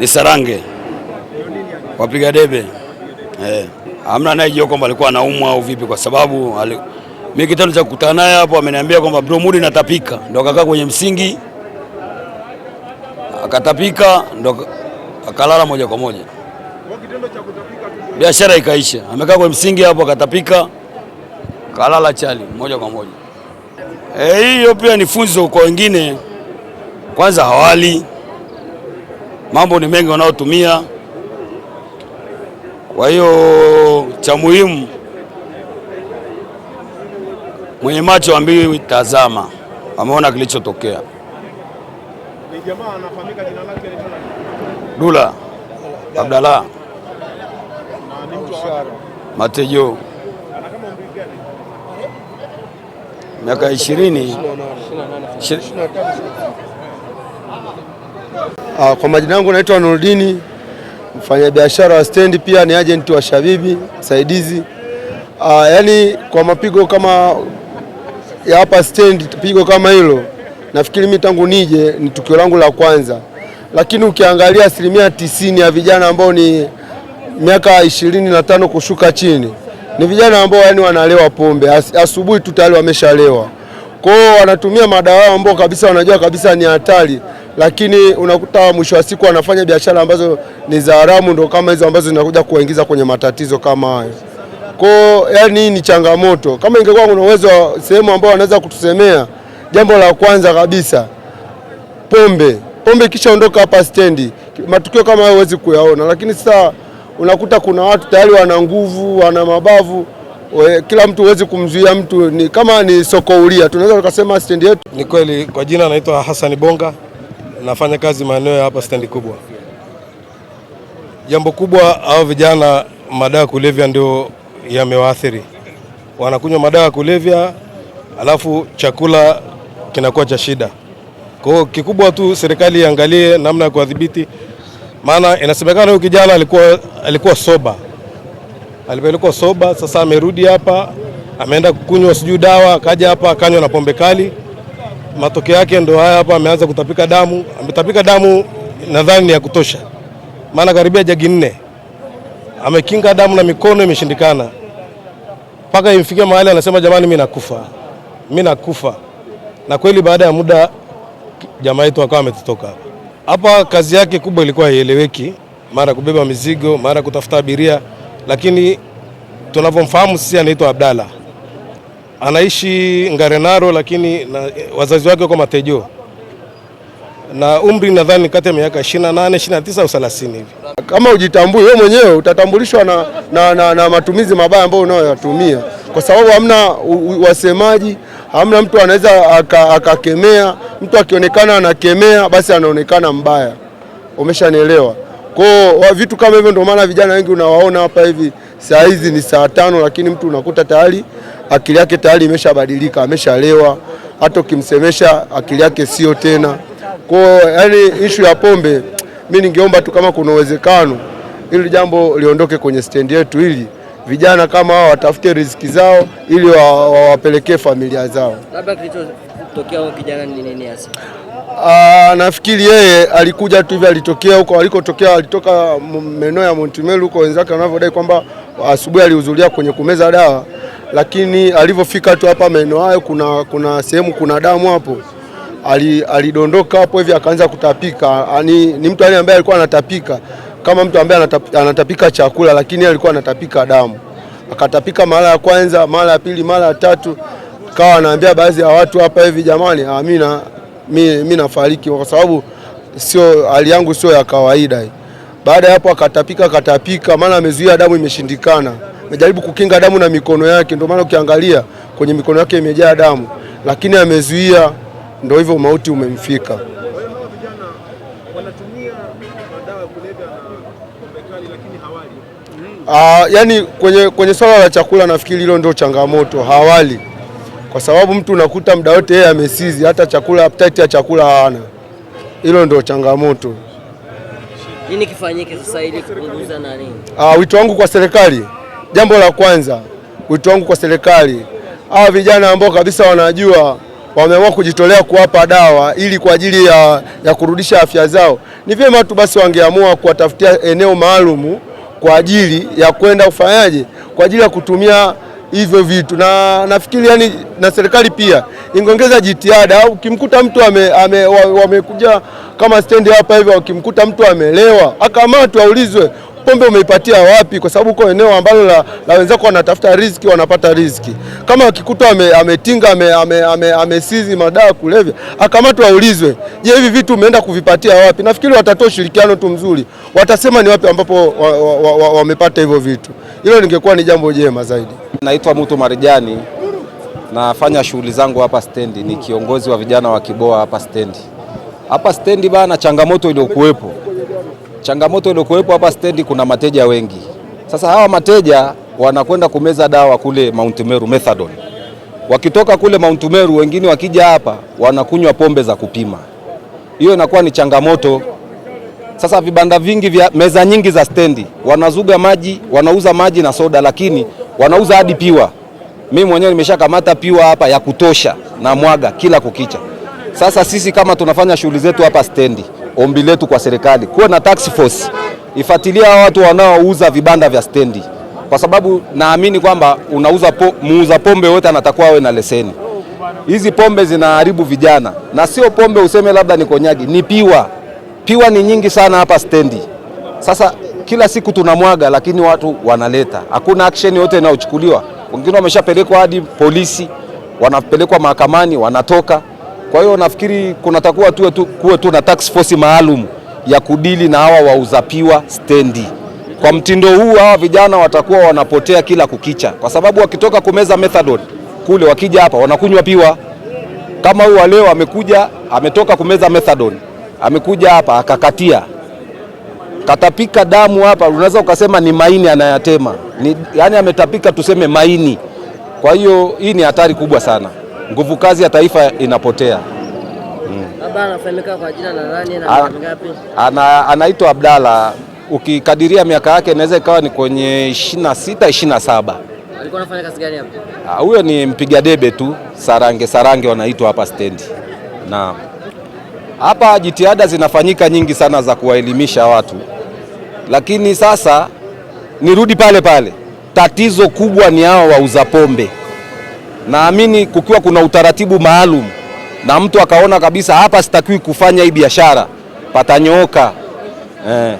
ni Sarange wapiga debe eh. amna naye kwamba alikuwa anaumwa au vipi, kwa sababu mimi kitendo cha kukutana naye hapo ameniambia kwamba bro, mudi natapika, ndo akakaa kwenye msingi akatapika, ndo akalala moja kwa moja, biashara ikaisha. Amekaa kwenye msingi hapo akatapika, kalala chali moja kwa moja. Eh, hiyo pia ni funzo kwa wengine, kwanza hawali mambo ni mengi wanayotumia. Kwa hiyo cha muhimu, mwenye macho wa tazama, ameona kilichotokea. Ni jamaa anafahamika jina lake Dula Abdalla Matejo, miaka ishirini Ah, kwa majina yangu naitwa Nurdini, mfanyabiashara wa stendi, pia ni ajenti wa Shabibi msaidizi. Ah, yaani kwa mapigo kama ya hapa stendi, pigo kama hilo, nafikiri mimi tangu nije ni tukio langu la kwanza, lakini ukiangalia asilimia tisini ya vijana ambao ni miaka ishirini na tano kushuka chini ni vijana ambao yani wanalewa pombe asubuhi tu tayari wameshalewa, kwao wanatumia madawa ambao kabisa wanajua kabisa ni hatari lakini unakuta mwisho wa siku wanafanya biashara ambazo ni za haramu, ndo kama hizo ambazo zinakuja kuwaingiza kwenye matatizo kama hayo. Kwa yani ni changamoto. Kama ingekuwa kuna uwezo wa sehemu ambao wanaweza kutusemea, jambo la kwanza kabisa pombe. Pombe kisha ondoka hapa stendi, matukio kama hayo huwezi kuyaona, lakini sasa unakuta kuna watu tayari wana nguvu, wana mabavu We, kila mtu huwezi kumzuia mtu, ni kama ni soko huria, tunaweza tukasema stendi yetu. Ni kweli. Kwa jina naitwa Hassan Bonga nafanya kazi maeneo ya hapa stendi kubwa. Jambo kubwa, hao vijana madawa ya kulevya ndio yamewaathiri, wanakunywa madawa ya kulevya alafu chakula kinakuwa cha shida. Kwa hiyo kikubwa tu serikali iangalie namna ya kuwadhibiti, maana inasemekana huyu kijana alikuwa, alikuwa soba alipelekwa soba, sasa amerudi hapa, ameenda kukunywa sijui dawa, akaja hapa akanywa na pombe kali matokeo yake ndo haya hapa, ameanza kutapika damu. Ametapika damu nadhani ni ya kutosha, maana karibia jagi nne amekinga damu na mikono imeshindikana, mpaka imfikia mahali anasema jamani, mimi nakufa, mimi nakufa. Na kweli baada ya muda jamaa yetu akawa ametotoka hapa. Hapa kazi yake kubwa ilikuwa haieleweki, mara kubeba mizigo, mara kutafuta abiria, lakini tunavyomfahamu sisi anaitwa Abdalla anaishi Ngarenaro, lakini na, wazazi wake wako Matejo na umri nadhani kati ya miaka 28, 29 au 30 hivi. Kama ujitambui wewe mwenyewe utatambulishwa na, na, na, na matumizi mabaya ambayo unayoyatumia, kwa sababu hamna wasemaji, hamna mtu anaweza akakemea aka. Mtu akionekana anakemea, basi anaonekana mbaya, umeshanielewa? Kwa vitu kama hivyo, ndio maana vijana wengi unawaona hapa hivi saa hizi ni saa tano, lakini mtu unakuta tayari akili yake tayari imeshabadilika, ameshalewa, hata ukimsemesha akili yake sio tena. Kwa hiyo yani, ishu ya pombe, mi ningeomba tu kama kuna uwezekano ili jambo liondoke kwenye stendi yetu, ili vijana kama hao watafute riziki zao, ili wawapelekee wa familia zao. Labda kilichotokea huko kijana ni nini hasa? Aa, ah, nafikiri yeye alikuja tu hivi, alitokea huko alikotokea, alitoka maeneo ya Montemelu huko, wenzake wanavyodai kwamba asubuhi alihudhuria kwenye kumeza dawa lakini alivyofika tu hapa maeneo hayo, kuna, kuna sehemu kuna damu hapo, alidondoka hapo hivi akaanza kutapika. Ani, ni mtu ambaye alikuwa anatapika kama mtu ambaye anatapika, anatapika chakula, lakini alikuwa anatapika damu. Akatapika mara ya kwanza, mara ya pili, mara ya tatu, kawa anaambia baadhi ya watu hapa hivi, jamani, mimi ah, nafariki kwa sababu sio hali yangu, sio ya kawaida hii. Baada ya hapo akatapika akatapika, maana amezuia damu, imeshindikana. Amejaribu kukinga damu na mikono yake, ndio maana ukiangalia kwenye mikono yake imejaa damu, lakini amezuia, ndio hivyo mauti umemfika. Aa, ah, yani kwenye, kwenye swala la chakula nafikiri hilo ndio changamoto, hawali kwa sababu mtu unakuta muda wote yeye amesizi, hata chakula appetite ya chakula hana. Hilo ndio changamoto. Nini kifanyike sasa ili kupunguza nani? Ah, wito wangu kwa serikali, jambo la kwanza, wito wangu kwa serikali, hawa vijana ambao kabisa wanajua wameamua kujitolea kuwapa dawa ili kwa ajili ya, ya kurudisha afya zao, ni vyema tu basi wangeamua kuwatafutia eneo maalumu kwa ajili ya kwenda ufanyaji kwa ajili ya kutumia hivyo vitu, na nafikiri yani, na serikali pia ingeongeza jitihada. Ukimkuta mtu wamekuja kama stendi hapa hivyo, wakimkuta mtu amelewa akamatwa aulizwe pombe umeipatia wapi? Kwa sababu uko eneo ambalo la, la wenzako wanatafuta riziki wanapata riziki. Kama akikuta ame, ametinga amesizi ame, ame, ame madawa kulevya akamatwa, aulizwe, je, hivi vitu umeenda kuvipatia wapi? Nafikiri watatoa ushirikiano tu mzuri, watasema ni wapi ambapo wamepata wa, wa, wa, wa hivyo vitu. Hilo lingekuwa ni jambo jema zaidi. Naitwa mutu Marijani, nafanya shughuli zangu hapa stendi, ni kiongozi wa vijana wa Kiboa hapa stendi. Hapa stendi bana, changamoto iliyokuwepo changamoto iliyokuwepo hapa stendi, kuna mateja wengi. Sasa hawa mateja wanakwenda kumeza dawa kule Mount Meru, methadone. Wakitoka kule Mount Meru, wengine wakija hapa wanakunywa pombe za kupima, hiyo inakuwa ni changamoto. Sasa vibanda vingi vya meza nyingi za stendi wanazuga maji, wanauza maji na soda, lakini wanauza hadi piwa. Mimi mwenyewe nimeshakamata piwa hapa ya kutosha na mwaga kila kukicha. Sasa sisi kama tunafanya shughuli zetu hapa stendi ombi letu kwa serikali kuwe na task force ifuatilia watu wanaouza vibanda vya stendi, kwa sababu naamini kwamba unauza po, muuza pombe wote anatakuwa awe na leseni. Hizi pombe zinaharibu vijana, na sio pombe useme labda ni konyagi, ni piwa. Piwa ni nyingi sana hapa stendi. Sasa kila siku tunamwaga, lakini watu wanaleta, hakuna action yote inayochukuliwa. Wengine wameshapelekwa hadi polisi, wanapelekwa mahakamani, wanatoka kwa hiyo nafikiri kunatakuwa tuwe tu, kuwe tu na task force maalum ya kudili na hawa wauzapiwa stendi. Kwa mtindo huu hawa vijana watakuwa wanapotea kila kukicha, kwa sababu wakitoka kumeza methadone kule, wakija hapa wanakunywa piwa. Kama huu leo amekuja ametoka kumeza methadone, amekuja hapa akakatia katapika damu hapa, unaweza ukasema ni maini anayatema ni, yani ametapika tuseme maini. Kwa hiyo hii ni hatari kubwa sana nguvu kazi ya taifa inapotea. Ah, anaitwa Abdalla, ukikadiria miaka yake inaweza ikawa ni kwenye 26 27. Ah, huyo ni mpiga debe tu, sarange sarange wanaitwa hapa stendi. na Hapa jitihada zinafanyika nyingi sana za kuwaelimisha watu, lakini sasa nirudi pale pale, tatizo kubwa ni hao wauza pombe. Naamini kukiwa kuna utaratibu maalum na mtu akaona kabisa hapa sitakiwi kufanya hii biashara, patanyooka eh.